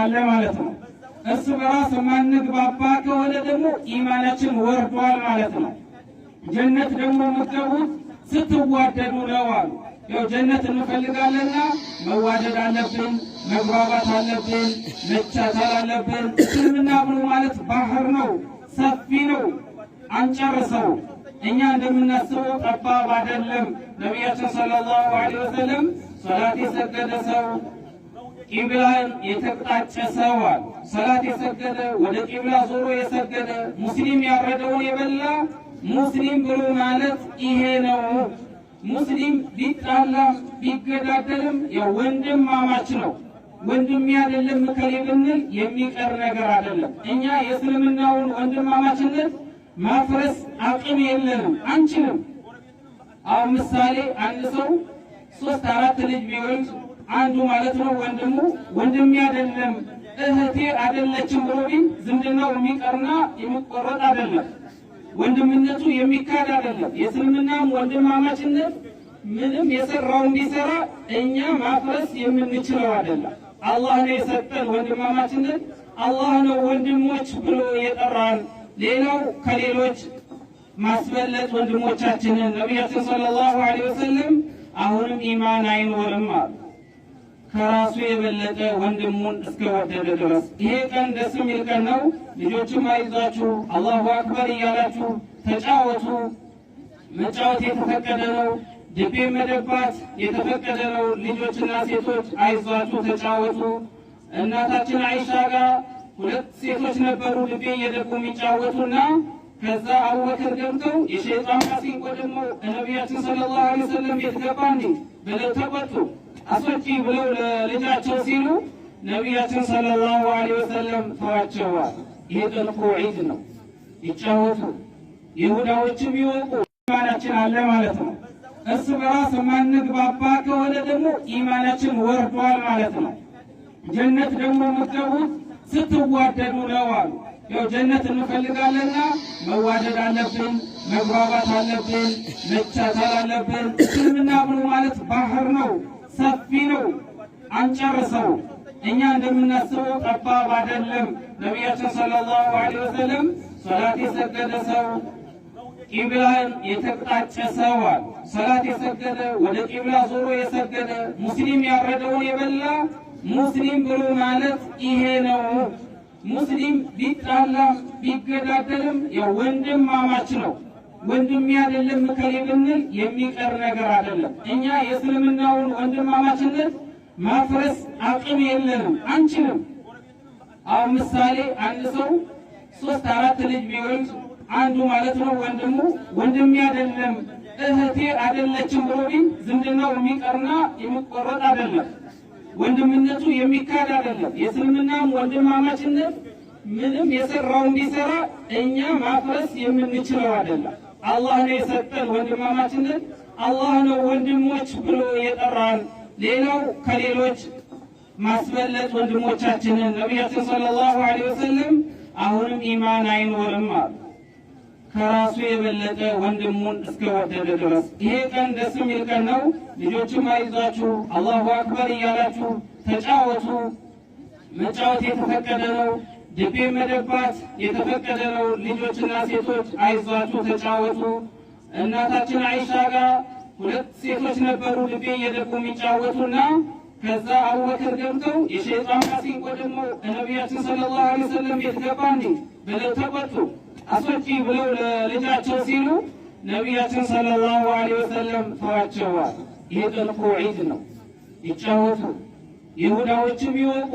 አለ ማለት ነው። እርስ በራስ የማንግባባ ከሆነ ደግሞ ኢማናችን ወርዷል ማለት ነው። ጀነት ደግሞ የምትገቡት ስትዋደዱ ነው አሉ። ያው ጀነት እንፈልጋለና መዋደድ አለብን፣ መግባባት አለብን፣ መቻቻል አለብን። እስልምና ብሎ ማለት ባህር ነው፣ ሰፊ ነው፣ አንጨርሰው። እኛ እንደምናስበው ጠባብ አይደለም። ነቢያችን ሰለላሁ ዐለይሂ ወሰለም ሶላት የሰገደ ሰው ቂብላን የተቅጣጨ ሰዋል ሰላት የሰገደ ወደ ቂብላ ዞሮ የሰገደ ሙስሊም ያረደውን የበላ ሙስሊም ብሎ ማለት ይሄ ነው። ሙስሊም ቢጣላም ቢገዳደልም የወንድም ማማች ነው። ወንድም ያደለም እከሌ ብንል የሚቀር ነገር አይደለም። እኛ የእስልምናውን ወንድማማችነት ማፍረስ አቅም የለንም፣ አንችልም። አሁን ምሳሌ አንድ ሰው ሶስት አራት ልጅ ቢወልድ አንዱ ማለት ነው ወንድሙ ወንድሜ አይደለም እህቴ አይደለችም ብሎ ዝምድናው የሚቀርና የሚቆረጥ አይደለም። ወንድምነቱ የሚካድ አይደለም። የእስልምናም ወንድማማችነት ምንም የሰራው እንዲሰራ እኛ ማፍረስ የምንችለው አይደለም። አላህ ነው የሰጠን ወንድማማችነት። አላህ ነው ወንድሞች ብሎ የጠራን። ሌላው ከሌሎች ማስበለጥ ወንድሞቻችንን ነቢያችን ሰለላሁ ዐለይሂ ወሰለም አሁንም ኢማን አይኖርም አሉ። ከራሱ የበለጠ ወንድሙን እስከወደደ ድረስ። ይሄ ቀን ደስ የሚል ቀን ነው። ልጆችም አይዟችሁ፣ አላሁ አክበር እያላችሁ ተጫወቱ። መጫወት የተፈቀደ ነው። ድቤ መደባት የተፈቀደ ነው። ልጆችና ሴቶች አይዟችሁ፣ ተጫወቱ። እናታችን አይሻ ጋር ሁለት ሴቶች ነበሩ ድቤ እየደቁ የሚጫወቱና ከዛ አቡበክር ገብተው የሸይጣን ማሲንቆ ደግሞ ነቢያችን ሰለላሁ ዐለይሂ ወሰለም ቤት ገባ እንዲ ብለው ተቆጡ። አስወጪ ብለው ለልጃቸው ሲሉ ነቢያችን ሰለላሁ ዐለይሂ ወሰለም ተዋቸዋል። ይህ ጥልቁ ዒድ ነው። ይጫወቱ፣ ይሁዳዎችም ይወቁ። ኢማናችን አለ ማለት ነው። እርስ በራስ የማንግባባ ከሆነ ደግሞ ኢማናችን ወርዷል ማለት ነው። ጀነት ደግሞ የምትገቡት ስትዋደዱ ነው አሉ። ያው ጀነት እንፈልጋለና መዋደድ አለብን፣ መግባባት አለብን፣ መቻቻል አለብን። እስልምና ብሎ ማለት ባህር ነው። ሰፊ ነው፣ አንጨርሰው። እኛ እንደምናስበው ጠባብ አይደለም። ነቢያችን ሰለላሁ ዐለይሂ ወሰለም ሰላት የሰገደ ሰው ቂብላን የተቅጣጨ ሰዋል። ሰላት የሰገደ ወደ ቂብላ ዞሮ የሰገደ ሙስሊም ያረደውን የበላ ሙስሊም ብሎ ማለት ይሄ ነው። ሙስሊም ቢጣላም ቢገዳደልም የወንድማማች ነው። ወንድሜ አይደለም እከሌ ብንል የሚቀር ነገር አይደለም። እኛ የእስልምናውን ወንድማማችነት ማፍረስ አቅም የለንም፣ አንችልም። አሁን ምሳሌ አንድ ሰው ሶስት አራት ልጅ ቢወልድ አንዱ ማለት ነው ወንድሙ ወንድም አይደለም እህቴ አይደለችም ብሎ ዝምድናው የሚቀርና የሚቆረጥ አይደለም። ወንድምነቱ የሚካድ አይደለም። የእስልምናም ወንድማማችነት ምንም የሰራው እንዲሰራ እኛ ማፍረስ የምንችለው አይደለም። አላህ ነው የሰጠን ወንድማማችነት፣ አላህ ነው ወንድሞች ብሎ የጠራን። ሌላው ከሌሎች ማስበለጥ ወንድሞቻችንን ነቢያችን ሰለላሁ ዐለይሂ ወሰለም አሁንም ኢማን አይኖርም አሉ ከራሱ የበለጠ ወንድሙን እስከወደደ ድረስ። ይሄ ቀን ደስ የሚል ቀን ነው። ልጆችም አይዟችሁ፣ አላሁ አክበር እያላችሁ ተጫወቱ። መጫወት የተፈቀደ ነው። ድቤ መደባት የተፈቀደ ነው። ልጆችና ሴቶች አይዟችሁ ተጫወቱ። እናታችን አይሻ ጋር ሁለት ሴቶች ነበሩ ድቤ እየደቁ የሚጫወቱና ከዛ አቡበክር ገብተው የሸይጣን ማሲንቆ ደግሞ ነቢያችን ሰለላሁ ዐለይሂ ወሰለም ቤት ገባ ብለው ተቆጡ። አስወጪ ብለው ለልጃቸው ሲሉ ነቢያችን ሰለላሁ ዐለይሂ ወሰለም ተዋቸዋል። ይህ ጥልቁ ዒድ ነው፣ ይጫወቱ። ይሁዳዎችም ይወቁ።